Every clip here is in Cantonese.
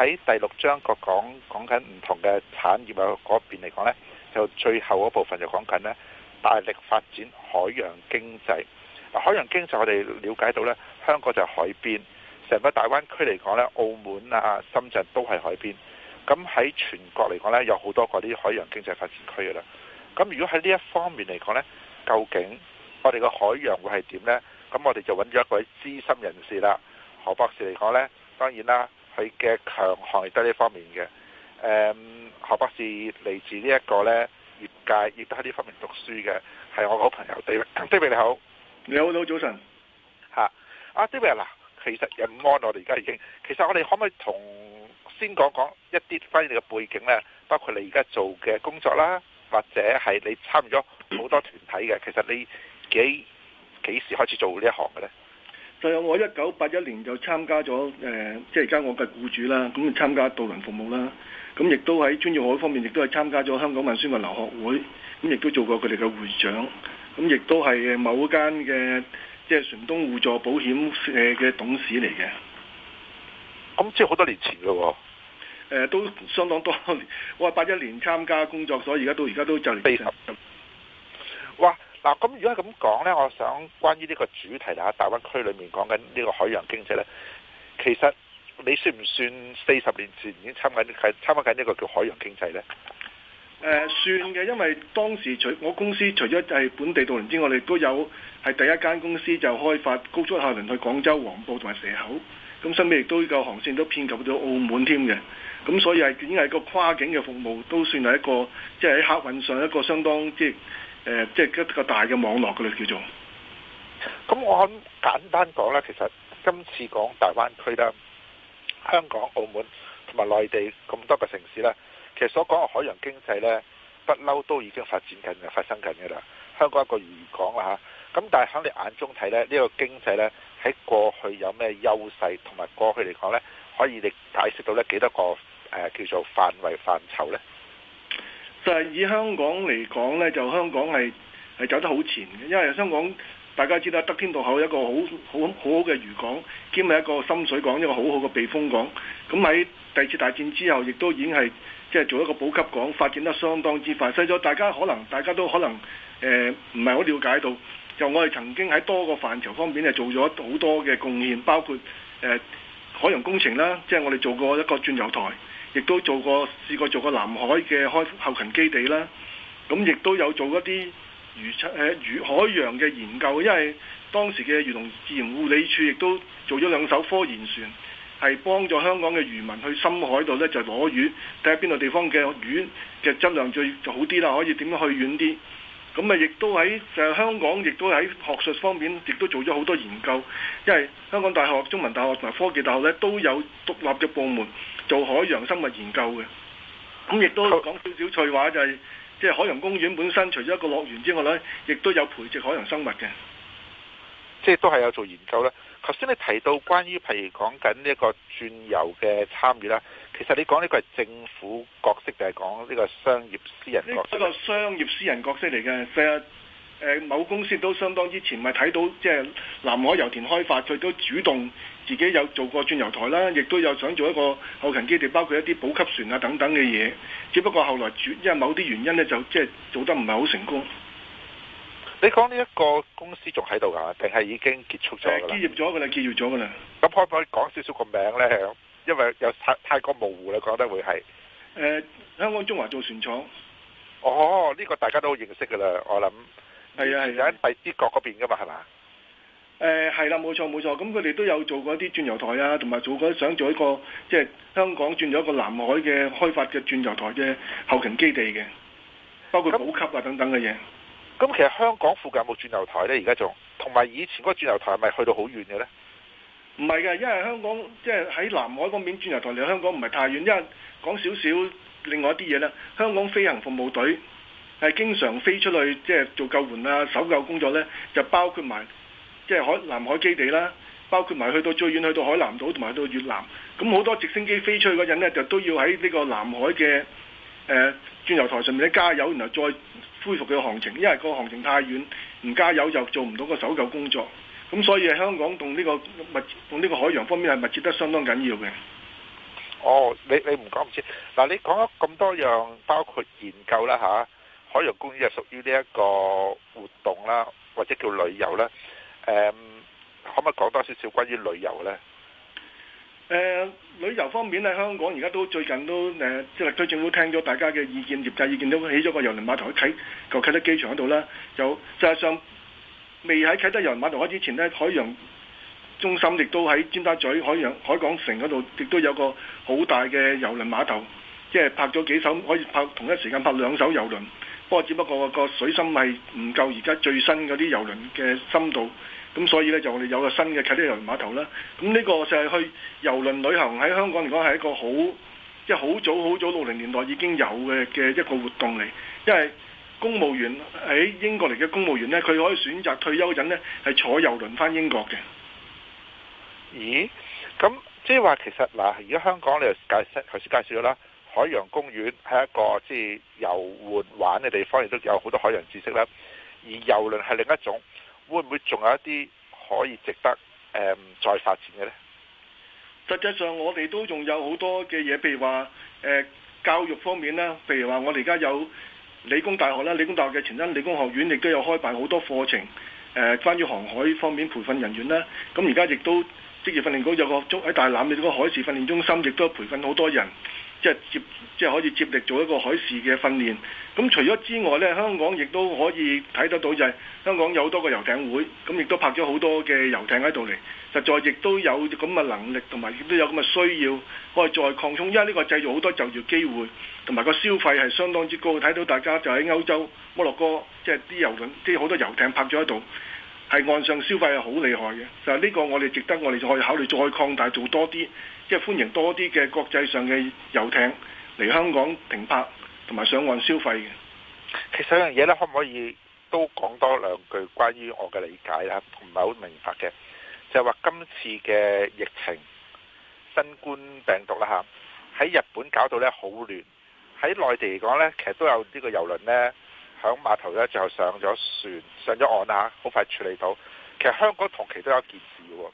喺第六章個講講緊唔同嘅產業啊，嗰邊嚟講呢，就最後嗰部分就講緊呢，大力發展海洋經濟。海洋經濟我哋了解到呢，香港就係海邊，成個大灣區嚟講呢，澳門啊、深圳都係海邊。咁喺全國嚟講呢，有好多嗰啲海洋經濟發展區嘅啦。咁如果喺呢一方面嚟講呢，究竟我哋個海洋會係點呢？咁我哋就揾咗一位資深人士啦，何博士嚟講呢，當然啦。佢嘅強項亦都係呢方面嘅，誒、嗯，何博士嚟自呢一個咧業界，亦都喺呢方面讀書嘅，係我好朋友 David。David 你好，你好你早晨，阿、 啊、David 嗱，其實任安我哋而家已經，其實我哋可唔可以同先講講一啲關於你嘅背景咧，包括你而家做嘅工作啦，或者係你參與咗好多團體嘅，其實你幾，幾時開始做呢一行嘅咧？就有、是、我一九八一年就參加咗誒，即係而家我嘅僱主啦，咁、嗯、參加渡輪服務啦，咁、嗯、亦都喺專業學會方面，亦都係參加咗香港運輸物流學會，咁、嗯、亦都做過佢哋嘅會長，咁、嗯、亦都係某間嘅即係船東互助保險社嘅董事嚟嘅。咁、嗯、即係好多年前咯喎。都相當多年。我話八一年參加工作所，所以而家到而家都就嚟退休。嗱，咁如果咁講呢，我想關於呢個主題嚇，大灣區裏面講緊呢個海洋經濟呢。其實你算唔算四十年前已經參加係參加緊呢個叫海洋經濟呢？呃、算嘅，因為當時除我公司除咗係本地渡輪之外，亦都有係第一間公司就開發高速客輪去廣州黃埔同埋蛇口，咁身邊亦都有航線都遍及到澳門添嘅，咁所以係只係個跨境嘅服務都算係一個即係喺客運上一個相當即誒、呃，即係一個大嘅網絡嘅咧，叫做。咁我諗簡單講咧，其實今次講大灣區啦，香港、澳門同埋內地咁多個城市呢，其實所講嘅海洋經濟呢，不嬲都已經發展緊嘅，發生緊嘅啦。香港一個漁港啦吓，咁、啊、但係喺你眼中睇呢，呢、呢個經濟呢，喺過去有咩優勢，同埋過去嚟講呢，可以你解釋到呢幾多少個誒、呃，叫做範圍範疇呢？就係以香港嚟講呢，就香港係走得好前嘅。因為香港大家知道，得天獨厚一個好好好好好好好嘅漁港，兼係一個深水港，一個好好好嘅避風港。咁喺第二次大戰之後，亦都已經係即係做一個補給港，發展得相當之快。所以大家可能，大家都可能誒唔係好了解到，就我哋曾經喺多個範疇方面係做咗好多嘅貢獻，包括、呃、海洋工程啦，即係我哋做過一個鑽油台。亦都做過試過做過南海嘅開後勤基地啦，咁亦都有做一啲魚，魚海洋嘅研究，因為當時嘅漁農自然護理處亦都做咗兩艘科研船，係幫助香港嘅漁民去深海度咧就攞魚，睇下邊個地方嘅魚嘅質量最就好啲啦，可以點樣去遠啲。咁啊，亦都喺就是、香港，亦都喺學術方面，亦都做咗好多研究。因為香港大學、中文大學同埋科技大學咧，都有獨立嘅部門做海洋生物研究嘅。咁亦都講少少趣話，就係即係海洋公園本身，除咗一個樂園之外咧，亦都有培植海洋生物嘅，即係都係有做研究啦。頭先你提到關於譬如講緊呢一個鑽油嘅參與啦。其實你講呢個係政府角色定係講呢個商業私人角色呢一個商業私人角色嚟嘅，即係某公司都相當之前咪睇到即係南海油田開發，佢都主動自己有做過鑽油台啦，亦都有想做一個後勤基地，包括一啲補給船啊、等等嘅嘢。只不過後來因為某啲原因呢，就即係做得唔係好成功。你講呢一個公司仲喺度噶定係已經結束咗啦？誒，結業咗噶啦結業咗噶啦咁可唔可以講少少個名呢？因為有太，太過模糊啦，講得會係誒、呃，香港中華造船廠。哦，呢、這個大家都好認識噶啦，我諗。係啊係，喺荔枝角嗰邊噶嘛，係嘛？誒係啦，冇錯冇錯，咁佢哋都有做過啲鑽油台啊，同埋做過想做一個即係、就是、香港轉咗一個南海嘅開發嘅鑽油台嘅後勤基地嘅，包括補給啊等等嘅嘢。咁、嗯嗯嗯、其實香港附近有冇鑽油台咧？而家仲同埋以前嗰鑽油台係咪去到好遠嘅咧？唔係嘅，因為香港即係喺南海嗰邊轉油台，離香港唔係太遠。因為講少少另外一啲嘢咧，香港飛行服務隊係經常飛出去即係、就是、做救援啊、搜救工作咧，就包括埋即係海南海基地啦，包括埋去到最遠去到海南島同埋去到越南。咁好多直升機飛出去嗰陣咧，就都要喺呢個南海嘅誒、呃、轉油台上面咧加油，然後再恢復佢行程，因為個行程太遠，唔加油就做唔到個搜救工作。咁所以香港同呢、這個物同呢個海洋方面係密切得相當緊要嘅。哦，你你唔講唔知，嗱、啊、你講咗咁多樣，包括研究啦嚇、啊，海洋公園係屬於呢一個活動啦，或者叫旅遊啦。誒、啊，可唔可以講多少少關於旅遊咧？誒、呃，旅遊方面咧，香港而家都最近都誒，即係特區政府聽咗大家嘅意見，業界意見都起咗個郵輪碼頭，喺個啟德機場嗰度啦，有即係上。未喺啟德郵輪碼頭之前咧，海洋中心亦都喺尖沙咀海洋海港城嗰度，亦都有個好大嘅郵輪碼頭，即係拍咗幾艘，可以拍同一時間拍兩艘郵輪。不過只不過個水深係唔夠而家最新嗰啲郵輪嘅深度，咁所以呢，就我哋有個新嘅啟德郵輪碼頭啦。咁呢個就係去郵輪旅行喺香港嚟講係一個好，即係好早好早六零年代已經有嘅嘅一個活動嚟，因為。公務員喺英國嚟嘅公務員呢，佢可以選擇退休陣呢，係坐遊輪返英國嘅。咦？咁即係話其實嗱，而家香港你又介紹頭先介紹咗啦，海洋公園係一個即係遊玩玩嘅地方，亦都有好多海洋知識啦。而遊輪係另一種，會唔會仲有一啲可以值得再發展嘅呢？實際上，我哋都仲有好多嘅嘢，譬如話教育方面啦，譬如話我哋而家有。理工大學啦，理工大學嘅前身理工學院亦都有開辦好多課程，誒、呃，關於航海方面培訓人員啦。咁而家亦都職業訓練局有一個喺大欖嘅個海事訓練中心，亦都培訓好多人，即係接即係可以接力做一個海事嘅訓練。咁、啊、除咗之外呢，香港亦都可以睇得到就係、是、香港有好多個遊艇會，咁、啊、亦都泊咗好多嘅遊艇喺度嚟。實在亦都有咁嘅能力，同埋亦都有咁嘅需要，可以再擴充。因為呢個製造好多就業機會，同埋個消費係相當之高。睇到大家就喺歐洲，摩洛哥，即係啲遊輪，即係好多遊艇泊咗喺度，係岸上消費係好厲害嘅。就係呢個我哋值得我哋就可以考慮再擴大做多啲，即係歡迎多啲嘅國際上嘅遊艇嚟香港停泊同埋上岸消費嘅。其實有樣嘢咧，可唔可以都講多兩句關於我嘅理解啦？唔係好明白嘅。就係話今次嘅疫情，新冠病毒啦嚇，喺日本搞到咧好亂，喺內地嚟講咧，其實都有呢個遊輪咧，響碼頭咧就上咗船，上咗岸啦，好快處理到。其實香港同期都有件事喎，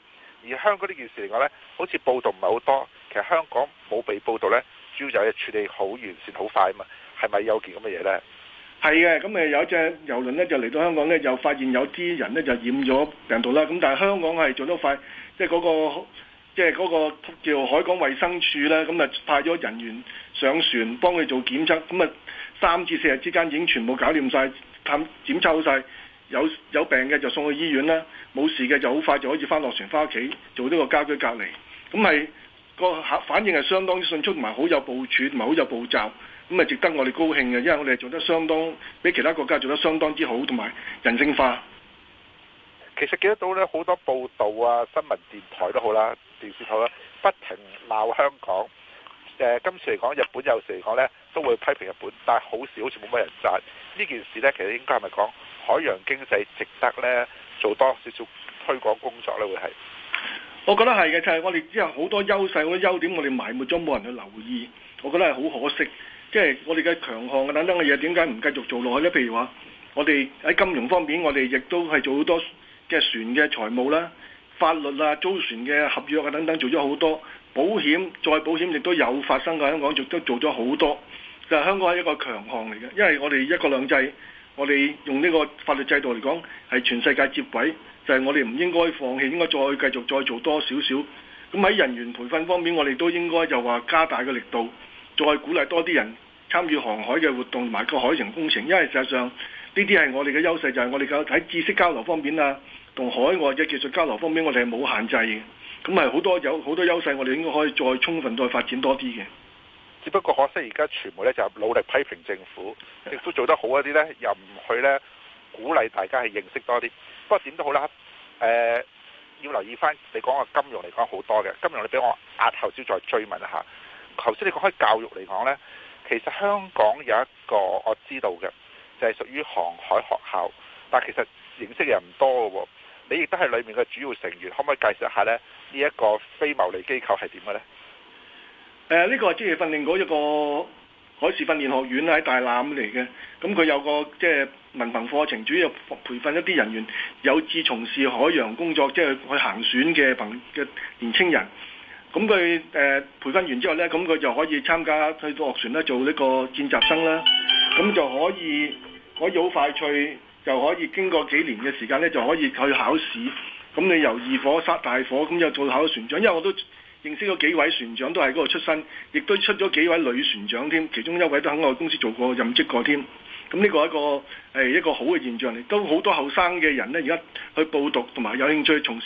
而香港呢件事嚟講咧，好似報道唔係好多，其實香港冇被報道咧，主要就係處理好完善好快啊嘛，係咪有件咁嘅嘢咧？係嘅，咁誒有一隻遊輪咧就嚟到香港咧，就發現有啲人咧就染咗病毒啦。咁但係香港係做得快，即係嗰個即係嗰個叫海港衛生處咧，咁誒派咗人員上船幫佢做檢測。咁誒三至四日之間已經全部搞掂晒，探檢測好晒。有有病嘅就送去醫院啦，冇事嘅就好快就可以翻落船，翻屋企做呢個家居隔離。咁係個反反應係相當之迅速，同埋好有部署，同埋好有步驟。咁啊，值得我哋高興嘅，因為我哋做得相當，比其他國家做得相當之好，同埋人性化。其實記得到咧，好多報道啊、新聞、電台都好啦、電視台啦，不停鬧香港。誒、呃，今次嚟講，日本有時嚟講咧，都會批評日本，但係好事好似冇乜人讚。呢件事咧，其實應該係咪講海洋經濟值得咧做多少少推廣工作咧？會係？我覺得係嘅，就係、是、我哋之後好多優勢、好多優點，我哋埋沒咗，冇人去留意。我覺得係好可惜。即係我哋嘅強項啊，等等嘅嘢，點解唔繼續做落去呢？譬如話，我哋喺金融方面，我哋亦都係做好多嘅船嘅財務啦、法律啊、租船嘅合約啊等等，做咗好多保險、再保險亦都有發生嘅。香港亦都做咗好多，就係香港係一個強項嚟嘅。因為我哋一國兩制，我哋用呢個法律制度嚟講係全世界接軌，就係我哋唔應該放棄，應該再繼續再做多少少。咁喺人員培訓方面，我哋都應該就話加大個力度。再鼓勵多啲人參與航海嘅活動同埋個海洋工程，因為實際上呢啲係我哋嘅優勢，就係、是、我哋嘅喺知識交流方面啊，同海外嘅技術交流方面，我哋係冇限制嘅。咁係好多有好多優勢，我哋應該可以再充分再發展多啲嘅。只不過可惜而家全部咧就是、努力批評政府，亦都做得好一啲咧，又唔去咧鼓勵大家係認識多啲。不過點都好啦、呃，要留意翻你講嘅金融嚟講好多嘅金融，你俾我壓後先再追問一下。頭先你講開教育嚟講呢，其實香港有一個我知道嘅，就係、是、屬於航海學校，但其實認識嘅人唔多嘅喎。你亦都係裡面嘅主要成員，可唔可以介紹一下呢？呢一個非牟利機構係點嘅呢？誒、呃，呢、這個係職業訓練嗰一個海事訓練學院喺大欖嚟嘅。咁、嗯、佢有個即係、就是、文憑課程，主要培訓一啲人員有志從事海洋工作，即、就、係、是、去行船嘅朋嘅年青人。咁佢誒培訓完之後呢，咁佢就可以參加去到學船咧做呢個見習生啦。咁就可以可以好快脆，就可以經過幾年嘅時間呢就可以去考試。咁你由二火殺大火，咁又做到考船長。因為我都認識咗幾位船長都係嗰個出身，亦都出咗幾位女船長添，其中一位都喺我公司做過任職過添。咁呢個一個係、欸、一個好嘅現象嚟，都好多後生嘅人呢，而家去報讀同埋有，有興趣從事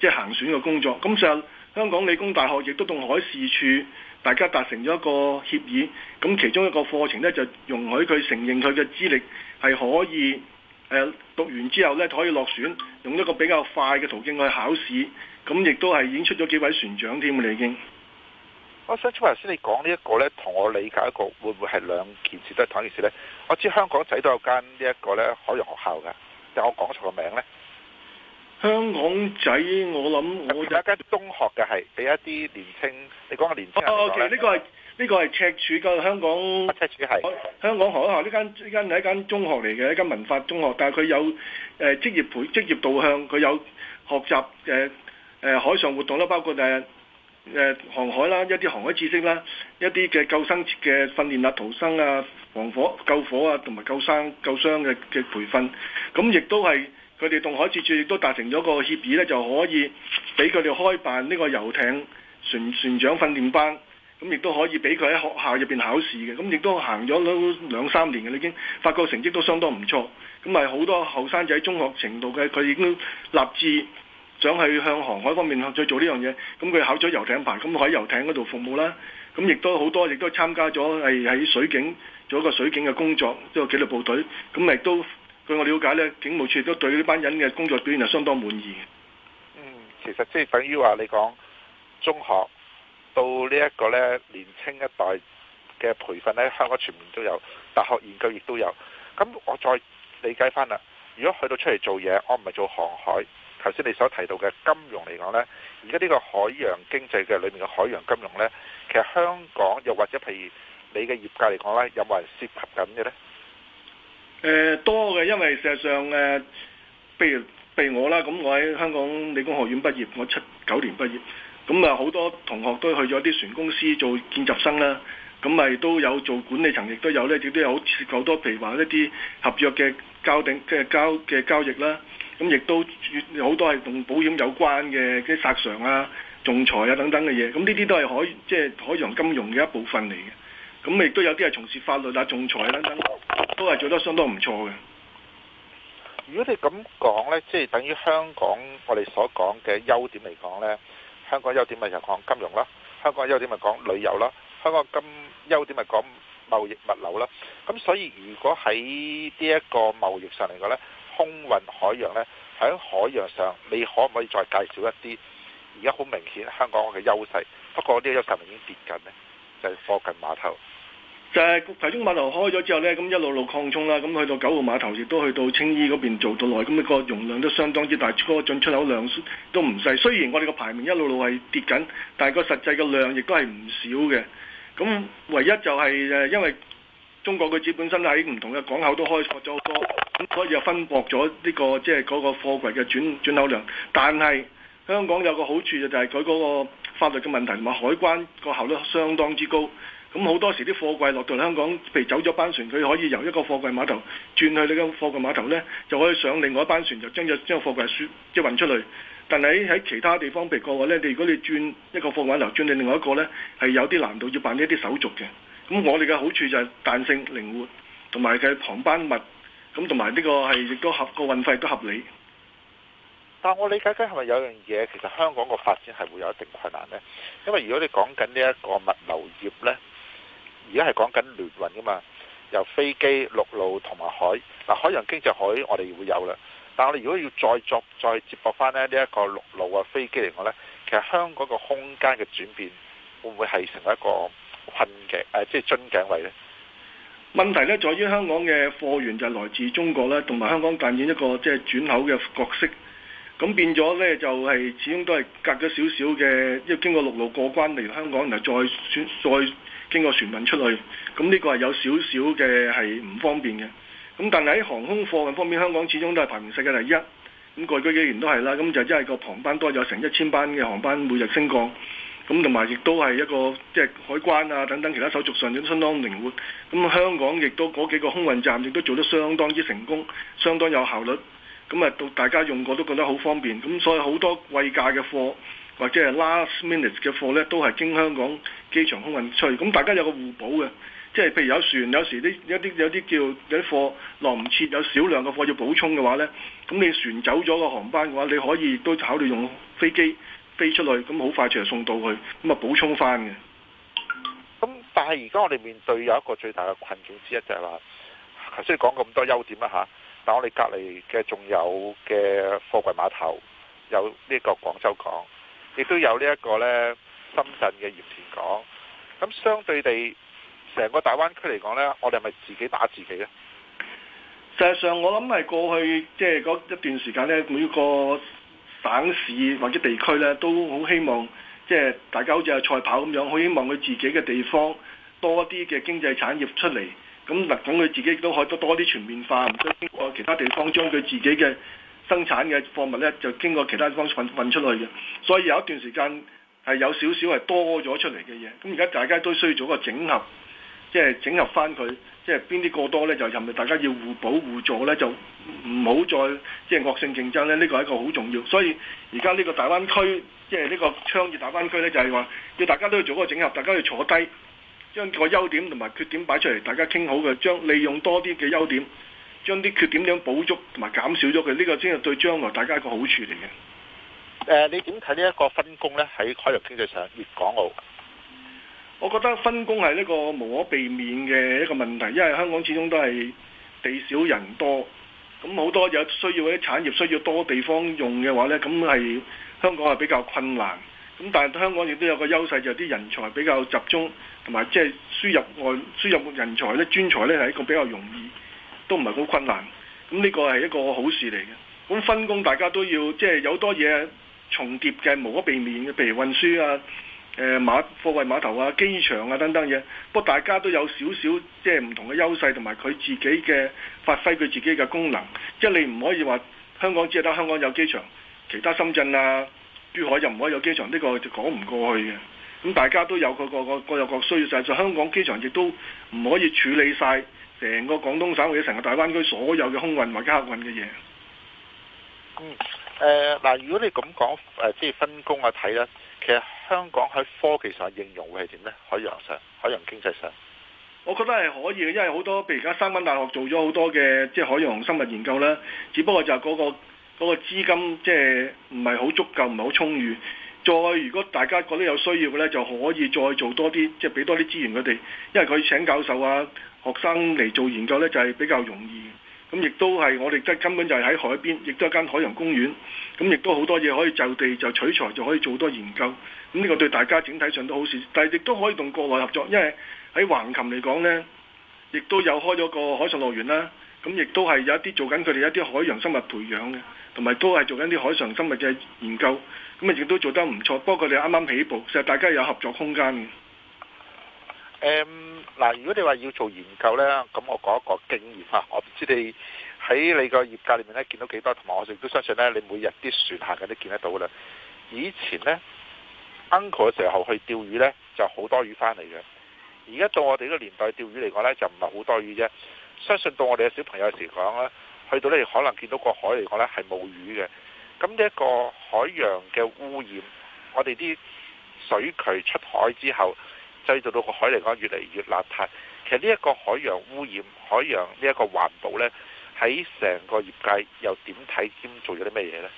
即係、就是、行船嘅工作。咁上香港理工大學亦都同海事處大家達成咗一個協議，咁其中一個課程呢，就容許佢承認佢嘅資歷係可以讀完之後呢，可以落船，用一個比較快嘅途徑去考試，咁亦都係已經出咗幾位船長添。你已經我想出頭先你講呢一個呢，同我理解一個會唔會係兩件事都係同一件事呢，我知香港仔都有間呢一個呢海洋學校㗎，但我講錯個名呢。香港仔，我諗我有一間中學嘅，係俾一啲年青，你講下年青是哦，其實呢個係呢、呢個係赤柱嘅香港。赤柱係、哦、香港海校呢間呢間係一間中學嚟嘅，一間文化中學，但係佢有誒、呃、職業培職業導向，佢有學習誒誒、呃、海上活動啦，包括誒誒、呃、航海啦，一啲航海知識啦，一啲嘅救生嘅訓練啊、逃生啊、防火救火啊，同埋救生救傷嘅嘅培訓，咁亦都係。佢哋同海事處亦都達成咗個協議咧，就可以俾佢哋開辦呢個遊艇船船長訓練班，咁亦都可以俾佢喺學校入邊考試嘅。咁亦都行咗都兩三年嘅，已經發覺成績都相當唔錯。咁咪好多後生仔中學程度嘅，佢已經立志想去向航海方面再做呢樣嘢。咁佢考咗遊艇牌，咁喺遊艇嗰度服務啦。咁亦都好多亦都參加咗係喺水警做一個水警嘅工作，即係紀律部隊。咁亦都。據我了解呢，警務處都對呢班人嘅工作表現係相當滿意。嗯，其實即係等於話你講中學到這呢一個呢年青一代嘅培訓呢，香港全面都有，大學研究亦都有。咁我再理解翻啦，如果去到出嚟做嘢，我唔係做航海，頭先你所提到嘅金融嚟講呢，而家呢個海洋經濟嘅裏面嘅海洋金融呢，其實香港又或者譬如你嘅業界嚟講呢，有冇人涉及緊嘅呢？誒多嘅，因為事實上誒，比如譬如我啦，咁我喺香港理工學院畢業，我七九年畢業，咁啊好多同學都去咗啲船公司做見習生啦，咁咪都有做管理層，亦都有咧，亦都有好多譬如話一啲合約嘅交訂即係交嘅交易啦，咁亦都好多係同保險有關嘅啲索償啊、仲裁啊等等嘅嘢，咁呢啲都係海即係海洋金融嘅一部分嚟嘅。咁亦都有啲係從事法律啦、仲裁啦，都係做得相當唔錯嘅。如果你咁講呢，即係等於香港我哋所講嘅優點嚟講呢，香港優點咪就講金融啦，香港優點咪講旅遊啦，香港嘅優點咪講貿易物流啦。咁所以如果喺呢一個貿易上嚟講呢，空運、海洋呢，喺海洋上，你可唔可以再介紹一啲而家好明顯香港嘅優勢？不過呢個優勢咪已經跌緊呢，就係貨近碼頭。就係、是、葵涌碼頭開咗之後呢，咁一路路擴充啦，咁去到九號碼頭亦都去到青衣嗰邊做到內。咁、那個容量都相當之大，嗰個進出口量都唔細。雖然我哋個排名一路路係跌緊，但係個實際嘅量亦都係唔少嘅。咁唯一就係因為中國個只本身喺唔同嘅港口都開闢咗好多，所以又分薄咗呢、這個即係嗰個貨櫃嘅轉轉口量。但係香港有個好處就係佢嗰個法律嘅問題同埋海關個效率相當之高。咁好多時啲貨櫃落到香港，譬如走咗班船，佢可以由一個貨櫃碼頭轉去你嘅貨櫃碼頭呢就可以上另外一班船，就將咗將貨櫃輸即運出嚟。但係喺其他地方譬如個話呢，你如果你轉一個貨櫃碼頭轉你另外一個呢，係有啲難度要辦呢啲手續嘅。咁我哋嘅好處就係彈性、靈活，同埋佢航班密，咁同埋呢個係亦都合個運費都合理。但我理解解係咪有樣嘢，其實香港個發展係會有一定困難呢？因為如果你講緊呢一個物流業呢。而家係講緊聯運噶嘛，由飛機、陸路同埋海嗱海洋經濟海，我哋會有啦。但係我哋如果要再作再接駁翻呢呢一個陸路啊飛機嚟講呢，其實香港個空間嘅轉變會唔會係成為一個困境、啊、即係樽頸位呢？問題呢，在於香港嘅貨源就係來自中國呢，同埋香港扮演一個即係、就是、轉口嘅角色，咁變咗呢，就係、是、始終都係隔咗少少嘅，要經過陸路過關嚟香港人，然後再再。經過船運出去，咁呢個係有少少嘅係唔方便嘅。咁但係喺航空貨運方面，香港始終都係排名世界第一。咁過去幾年都係啦，咁就因為個航班多咗成一千班嘅航班每日升降。咁同埋亦都係一個即係海關啊等等其他手續上都相當靈活。咁香港亦都嗰幾個空運站亦都做得相當之成功，相當有效率。咁啊，到大家用過都覺得好方便。咁所以好多貴價嘅貨。或者係 last minute 嘅貨呢，都係經香港機場空運出嚟。咁大家有個互補嘅，即係譬如有船，有時啲有啲有啲叫有啲貨落唔切，有少量嘅貨要補充嘅話呢，咁你船走咗個航班嘅話，你可以都考慮用飛機飛出去，咁好快就送到去，咁啊補充翻嘅。咁但係而家我哋面對有一個最大嘅困境之一就係、就係話，頭先講咁多優點啦嚇，但我哋隔離嘅仲有嘅貨櫃碼頭有呢個廣州港。亦都有這呢一個咧深圳嘅鹽田港，咁相對地，成個大灣區嚟講咧，我哋係咪自己打自己咧？實際上我諗係過去即係嗰一段時間咧，每一個省市或者地區咧都好希望，即係大家好似阿賽跑咁樣，好希望佢自己嘅地方多一啲嘅經濟產業出嚟，咁嗱講佢自己都可以多啲全面化，唔需要經過其他地方將佢自己嘅。生產嘅貨物呢，就經過其他方式運，運出去嘅，所以有一段時間係有少少係多咗出嚟嘅嘢。咁而家大家都需要做個整合，即係整合翻佢，即係邊啲過多呢？就係咪大家要互補互助呢，就唔好再即係惡性競爭呢。呢個係一個好重要。所以而家呢個大灣區，即係呢個倡議大灣區呢，就係話要大家都要做個整合，大家要坐低，將個優點同埋缺點擺出嚟，大家傾好嘅，將利用多啲嘅優點。將啲缺點樣補足同埋減少咗佢，呢個先係對將來大家一個好處嚟嘅。誒，你點睇呢一個分工咧？喺海陸經濟上，粵港澳，我覺得分工係呢個無可避免嘅一個問題，因為香港始終都係地少人多，咁好多有需要嗰啲產業需要多地方用嘅話咧，咁係香港係比較困難。咁但係香港亦都有個優勢，就係啲人才比較集中，同埋即係輸入外輸入人才咧、專才咧係一個比較容易。都唔係好困難，咁呢個係一個好事嚟嘅。咁分工大家都要，即係有多嘢重疊嘅，無可避免嘅。譬如運輸啊、誒碼貨櫃碼頭啊、機場啊等等嘢。不過大家都有少少即係唔同嘅優勢，同埋佢自己嘅發揮佢自己嘅功能。即係你唔可以話香港只係得香港有機場，其他深圳啊、珠海又唔可以有機場，呢個就講唔過去嘅。咁大家都有佢個個各有各需要，就係香港機場亦都唔可以處理晒。成個廣東省或者成個大灣區所有嘅空運或者客運嘅嘢。嗯，誒嗱，如果你咁講誒，即係分工啊睇啦。其實香港喺科技上應用嘅係點咧？海洋上，海洋經濟上，我覺得係可以嘅，因為好多譬如而家三間大學做咗好多嘅即係海洋生物研究啦。只不過就係嗰個嗰個資金即係唔係好足夠，唔係好充裕。再如果大家覺得有需要嘅咧，就可以再做多啲，即係俾多啲資源佢哋，因為佢請教授啊。學生嚟做研究呢，就係比較容易，咁亦都係我哋即根本就係喺海邊，亦都係一間海洋公園，咁亦都好多嘢可以就地就取材就可以做多研究，咁呢個對大家整體上都好事，但係亦都可以同國內合作，因為喺橫琴嚟講呢，亦都有開咗個海上樂園啦，咁亦都係有一啲做緊佢哋一啲海洋生物培養嘅，同埋都係做緊啲海上生物嘅研究，咁啊亦都做得唔錯，不過佢哋啱啱起步，其實大家有合作空間嘅。嗯嗱，如果你話要做研究呢，咁我講一個經驗嚇，我唔知你喺你個業界裏面呢，見到幾多，同埋我亦都相信呢，你每日啲船客都見得到啦。以前呢 uncle 嘅時候去釣魚呢，就好多魚返嚟嘅。而家到我哋呢個年代釣魚嚟講呢，就唔係好多魚啫。相信到我哋嘅小朋友時講呢，去到你可能見到個海嚟講呢，係冇魚嘅。咁呢一個海洋嘅污染，我哋啲水渠出海之後，製造到個海嚟講越嚟越邋遢，其實呢一個海洋污染、海洋呢一個環保呢，喺成個業界又點睇？做咗啲咩嘢呢？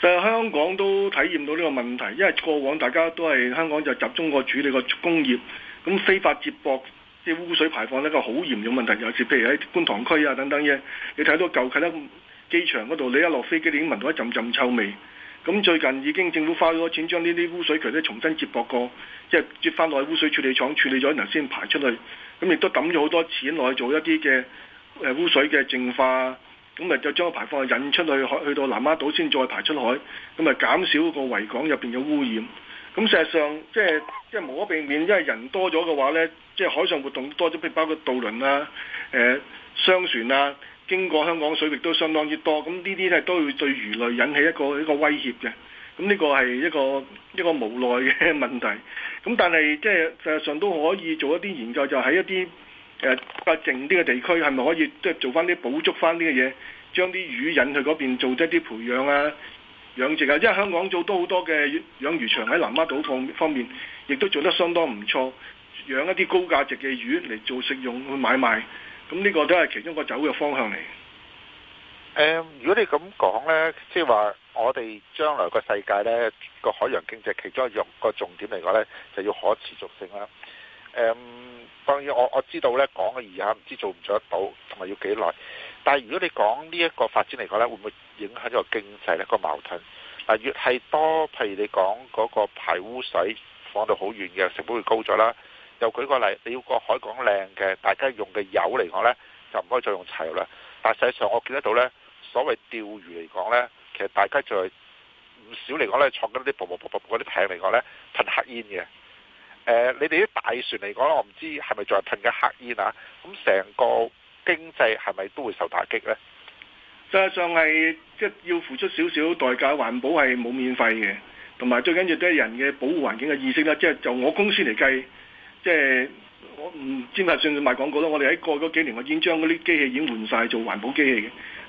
其實香港都體驗到呢個問題，因為過往大家都係香港就集中個處理個工業，咁非法接駁啲污水排放呢個好嚴重的問題，尤其譬如喺觀塘區啊等等嘅，你睇到舊啟德機場嗰度，你一落飛機你已經聞到一陣陣臭味。咁最近已經政府花咗好多錢將呢啲污水渠咧重新接駁過，即係接翻落去污水處理廠處理咗，然後先排出去。咁亦都揼咗好多錢落去做一啲嘅誒污水嘅淨化。咁啊就將個排放引出去，去到南丫島先再排出海。咁啊減少個維港入邊嘅污染。咁事實上，即係即係無可避免，因為人多咗嘅話咧，即係海上活動多咗，譬如包括渡輪啦、啊、誒商船啦、啊。經過香港水域都相當之多，咁呢啲咧都會對魚類引起一個一個威脅嘅，咁呢個係一個一個無奈嘅問題。咁但係即係實質上都可以做一啲研究就在些，就、呃、喺一啲誒比較靜啲嘅地區，係咪可以即係做翻啲補足翻啲嘅嘢，將啲魚引去嗰邊做一啲培養啊、養殖啊。因為香港做了很多好多嘅養魚場喺南丫島方方面，亦都做得相當唔錯，養一啲高價值嘅魚嚟做食用去買賣。咁呢個都係其中一個走嘅方向嚟、嗯。如果你咁講呢，即係話我哋將來個世界呢個海洋經濟其中一個重重點嚟講呢，就要可持續性啦。誒、嗯，當然我我知道呢講嘅而家唔知做唔做得到，同埋要幾耐。但如果你講呢一個發展嚟講呢，會唔會影響咗個經濟呢？個矛盾啊、嗯，越係多，譬如你講嗰、那個排污水放到好遠嘅成本會高咗啦。就舉個例，你要個海港靚嘅，大家用嘅油嚟講呢，就唔可以再用柴油啦。但實際上我見得到呢，所謂釣魚嚟講呢，其實大家就係唔少嚟講呢，坐緊啲噗噗噗噗嗰啲艇嚟講呢，噴黑煙嘅。誒，你哋啲大船嚟講，我唔知係咪仲係噴緊黑煙啊？咁成個經濟係咪都會受打擊呢？實際上係即係要付出少少代價，環保係冇免費嘅，同埋最緊要都係人嘅保護環境嘅意識啦。即係就我公司嚟計。即係我唔知係算唔算賣廣告咯，我哋喺過去嗰幾年，我已經將嗰啲機器已經換晒做環保機器嘅。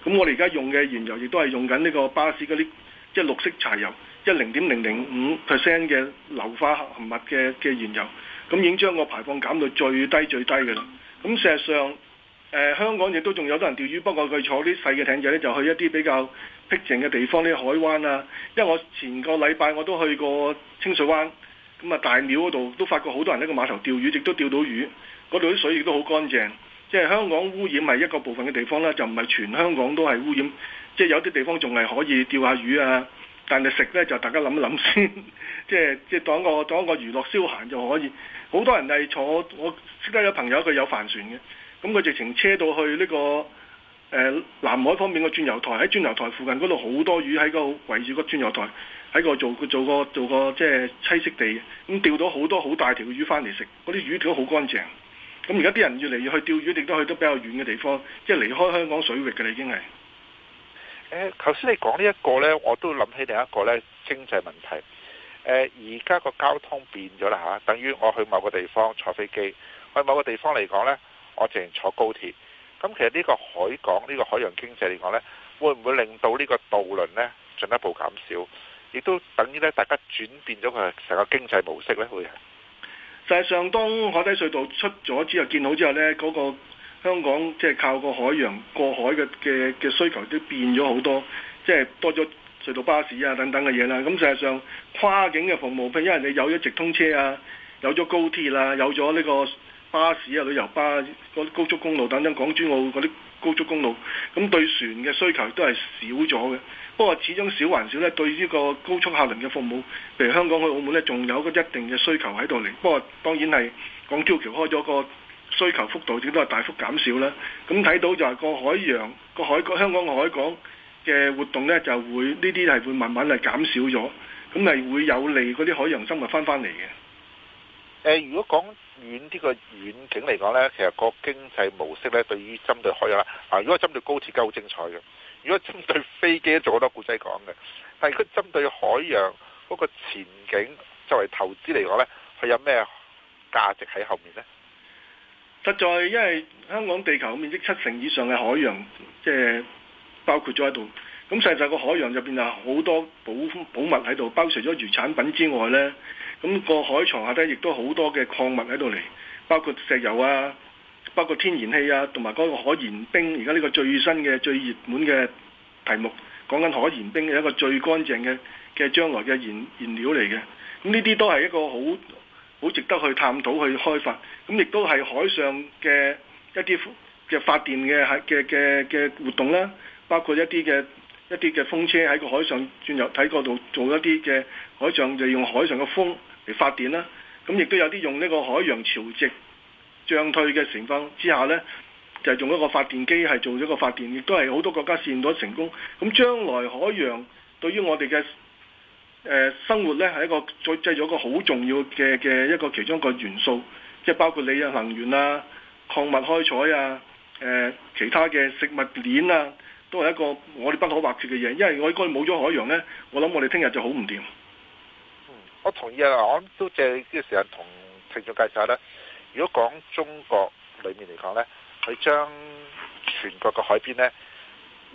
咁我哋而家用嘅燃油亦都係用緊呢個巴士嗰啲即係綠色柴油，即係零點零零五 percent 嘅硫化合物嘅嘅燃油。咁已經將個排放減到最低最低嘅啦。咁事實上，誒、呃、香港亦都仲有得人釣魚，不過佢坐啲細嘅艇仔咧，就去一啲比較僻靜嘅地方，啲海灣啊。因為我前個禮拜我都去過清水灣。咁啊，大廟嗰度都發覺好多人喺個碼頭釣魚，亦都釣到魚。嗰度啲水亦都好乾淨。即係香港污染係一個部分嘅地方啦，就唔係全香港都係污染。即係有啲地方仲係可以釣下魚啊。但係食呢就大家諗一諗先。即係即係當一個當一個娛樂消閒就可以。好多人係坐我識得有朋友佢有帆船嘅，咁佢直情車到去呢、這個誒、呃、南海方面個鑽油台，喺鑽油台附近嗰度好多魚喺個圍住個鑽油台。喺個做佢做個做個即係棲息地，咁釣到好多好大條嘅魚翻嚟食，嗰啲魚條好乾淨。咁而家啲人越嚟越去釣魚，亦都去得比較遠嘅地方，即係離開香港水域嘅啦，你已經係誒。頭、呃、先你講呢一個呢，我都諗起另一個呢經濟問題。誒，而家個交通變咗啦嚇，等於我去某個地方坐飛機，去某個地方嚟講呢，我淨係坐高鐵。咁其實呢個海港呢、呢個海洋經濟嚟講呢，會唔會令到呢個渡輪呢進一步減少？亦都等於咧，大家轉變咗佢成個經濟模式咧，佢係。實際上，當海底隧道出咗之後、建好之後咧，嗰個香港即係靠個海洋過海嘅嘅嘅需求都變咗好多，即係多咗隧道巴士啊、等等嘅嘢啦。咁實際上跨境嘅服務，譬如因為你有咗直通車啊，有咗高鐵啊，有咗呢個巴士啊、旅遊巴、嗰高速公路等等，港珠澳嗰啲。高速公路咁對船嘅需求都係少咗嘅，不過始終少還少咧。對於個高速客輪嘅服務，譬如香港去澳門咧，仲有一個一定嘅需求喺度嚟。不過當然係港珠澳橋開咗個需求幅度，亦都係大幅減少啦。咁睇到就係個海洋個海，海港香港嘅海港嘅活動咧，就會呢啲係會慢慢係減少咗，咁係會有利嗰啲海洋生物翻返嚟嘅。誒、呃，如果講遠啲，這個遠景嚟講呢，其實個經濟模式呢，對於針對海洋，啊，如果針對高鐵都好精彩嘅，如果針對飛機做好多故仔講嘅，但係佢針對海洋嗰個前景作為投資嚟講呢，佢有咩價值喺後面呢？實在，因為香港地球面積七成以上嘅海洋，即、就、係、是、包括咗喺度，咁細細個海洋入邊啊，好多寶寶物喺度，包括咗魚產品之外呢。咁、那個海床下底亦都好多嘅礦物喺度嚟，包括石油啊，包括天然氣啊，同埋嗰個可燃冰。而家呢個最新嘅、最熱門嘅題目，講緊可燃冰係一個最乾淨嘅嘅將來嘅燃燃料嚟嘅。咁呢啲都係一個好好值得去探討、去開發。咁亦都係海上嘅一啲嘅發電嘅嘅嘅嘅活動啦，包括一啲嘅一啲嘅風車喺個海上轉入喺嗰度做一啲嘅海上就用海上嘅風嚟發電啦，咁亦都有啲用呢個海洋潮汐漲退嘅情況之下咧，就係、用一個發電機，係做咗個發電，亦都係好多國家試驗到成功。咁將來海洋對於我哋嘅誒生活，咧，係一個再製造一個好重要嘅嘅一個其中一個元素，即係包括你嘅能源啊、礦物開採啊、誒、呃、其他嘅食物鏈啊，都係一個我哋不可或缺嘅嘢。因為我如果冇咗海洋咧，我諗我哋聽日就好唔掂。我同意啊！我都借呢個時間同聽眾介紹下呢，如果講中國裏面嚟講呢，佢將全國嘅海邊呢，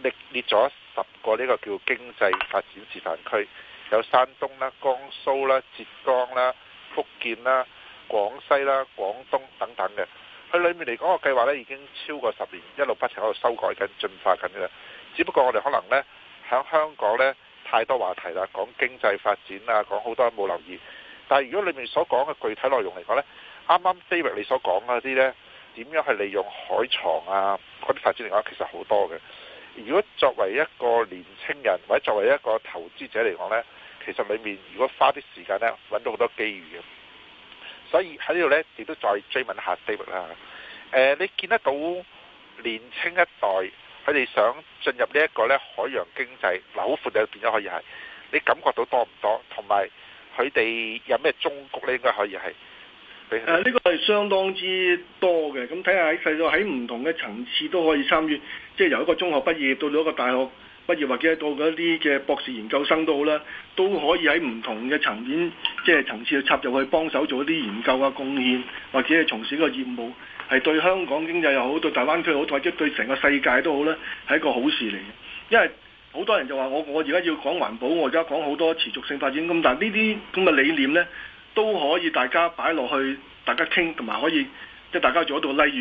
歷列咗十個呢個叫經濟發展示範區，有山東啦、啊、江蘇啦、啊、浙江啦、啊、福建啦、啊、廣西啦、啊、廣東等等嘅。佢裏面嚟講個計劃呢已經超過十年，一路不停喺度修改緊、進化緊嘅。只不過我哋可能呢，喺香港呢。太多話題啦，講經濟發展啊，講好多冇留意。但係如果裏面所講嘅具體內容嚟講呢，啱啱 David 你所講嗰啲呢，點樣係利用海床啊嗰啲發展嚟講，其實好多嘅。如果作為一個年青人或者作為一個投資者嚟講呢，其實裏面如果花啲時間呢，揾到好多機遇嘅。所以喺呢度呢，亦都再追問一下 David 啦。呃，你見得到年青一代？佢哋想進入呢一個咧海洋經濟，嗱，好闊，就變咗可以係，你感覺到多唔多？同埋佢哋有咩中國咧應該可以係。誒呢、啊，這個係相當之多嘅。咁睇下喺細個喺唔同嘅層次都可以參與，即、就、係、是、由一個中學畢業到咗一個大學。畢業或者到嗰一啲嘅博士研究生都好啦，都可以喺唔同嘅層面，即係層次去插入去幫手做一啲研究啊、貢獻，或者係從事一個業務，係對香港經濟又好，對大灣區好，或者對成個世界都好啦，係一個好事嚟嘅。因為好多人就話我我而家要講環保，我而家講好多持續性發展。咁但係呢啲咁嘅理念咧，都可以大家擺落去，大家傾，同埋可以即係、就是、大家做一度，例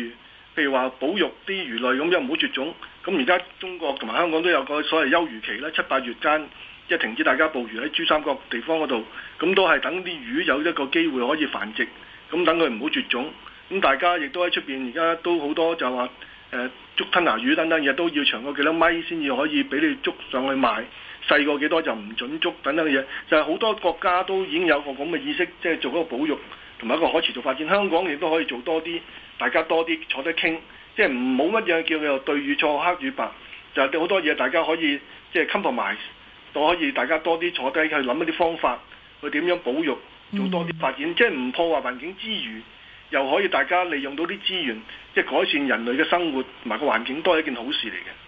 如，譬如話保育啲魚類咁樣，唔好絕種。咁而家中國同埋香港都有個所謂休漁期啦，七八月間即係停止大家捕魚喺珠三角地方嗰度，咁都係等啲魚有一個機會可以繁殖，咁等佢唔好絕種。咁大家亦都喺出邊，而家都好多就話誒捉吞拿魚等等嘢，都要長個幾多米先至可以俾你捉上去賣，細過幾多就唔準捉等等嘢。就係好多國家都已經有個咁嘅意識，即係做一個保育同埋一個可持續發展。香港亦都可以做多啲。大家多啲坐低傾，即係唔冇乜嘢叫做對與錯，黑與白，就係好多嘢大家可以即係、就係、compromise，都可以大家多啲坐低去諗一啲方法去點樣保育，做多啲發展，嗯、即係唔破壞環境之餘，又可以大家利用到啲資源，即係改善人類嘅生活同埋個環境，都係一件好事嚟嘅。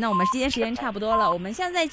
那我們今天時間差不多了，我們下次再見。